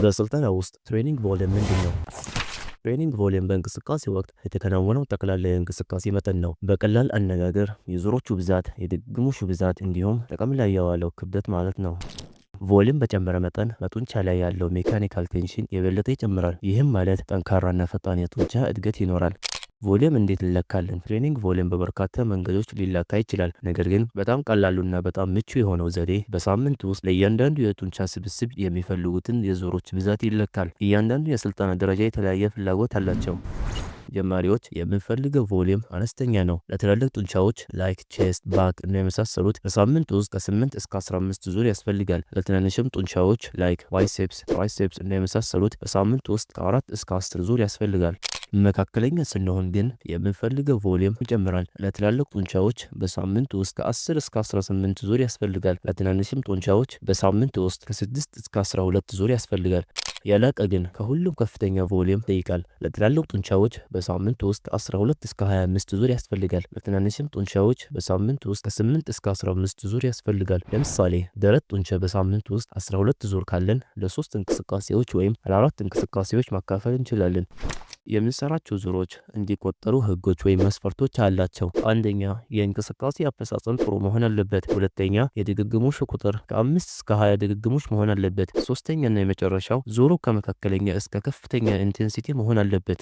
በስልጠና ውስጥ ትሬኒንግ ቮሊም ምንድን ነው? ትሬኒንግ ቮሊም በእንቅስቃሴ ወቅት የተከናወነው ጠቅላላ የእንቅስቃሴ መጠን ነው። በቀላል አነጋገር የዙሮቹ ብዛት፣ የድግሞሹ ብዛት እንዲሁም ጥቅም ላይ የዋለው ክብደት ማለት ነው። ቮሊዩም በጨመረ መጠን በጡንቻ ላይ ያለው ሜካኒካል ቴንሽን የበለጠ ይጨምራል። ይህም ማለት ጠንካራና ፈጣን የጡንቻ እድገት ይኖራል። ቮሊየም እንዴት እንለካለን? ትሬኒንግ ቮሊየም በበርካታ መንገዶች ሊለካ ይችላል። ነገር ግን በጣም ቀላሉና በጣም ምቹ የሆነው ዘዴ በሳምንት ውስጥ ለእያንዳንዱ የጡንቻ ስብስብ የሚፈልጉትን የዞሮች ብዛት ይለካል። እያንዳንዱ የስልጠና ደረጃ የተለያየ ፍላጎት አላቸው። ጀማሪዎች የምንፈልገው ቮሊዩም አነስተኛ ነው። ለትላልቅ ጡንቻዎች ላይክ ቼስት፣ ባክ እና የመሳሰሉት በሳምንት ውስጥ ከ8 እስከ 15 ዙር ያስፈልጋል። ለትናንሽም ጡንቻዎች ላይክ ባይሴፕስ፣ ትራይሴፕስ እና የመሳሰሉት በሳምንት ውስጥ ከ4 እስከ 10 ዙር ያስፈልጋል። መካከለኛ ስንሆን ግን የምንፈልገው ቮሊዩም ይጨምራል። ለትላልቅ ጡንቻዎች በሳምንት ውስጥ ከ10 እስከ 18 ዙር ያስፈልጋል። ለትናንሽም ጡንቻዎች በሳምንት ውስጥ ከ6 እስከ 12 ዙር ያስፈልጋል። የላቀ ግን ከሁሉም ከፍተኛ ቮሊየም ይጠይቃል። ለትላልቅ ጡንቻዎች በሳምንት ውስጥ 12 እስከ 25 ዙር ያስፈልጋል። ለትናንሽም ጡንቻዎች በሳምንት ውስጥ ከ8 እስከ 15 ዙር ያስፈልጋል። ለምሳሌ ደረት ጡንቻ በሳምንት ውስጥ 12 ዙር ካለን ለሶስት እንቅስቃሴዎች ወይም ለአራት እንቅስቃሴዎች ማካፈል እንችላለን። የምንሰራቸው ዙሮች እንዲቆጠሩ ህጎች ወይም መስፈርቶች አላቸው። አንደኛ የእንቅስቃሴ አፈጻጸም ጥሩ መሆን አለበት። ሁለተኛ የድግግሞሽ ቁጥር ከአምስት እስከ ሀያ ድግግሞሽ መሆን አለበት። ሶስተኛና የመጨረሻው ዙሩ ከመካከለኛ እስከ ከፍተኛ ኢንቴንሲቲ መሆን አለበት።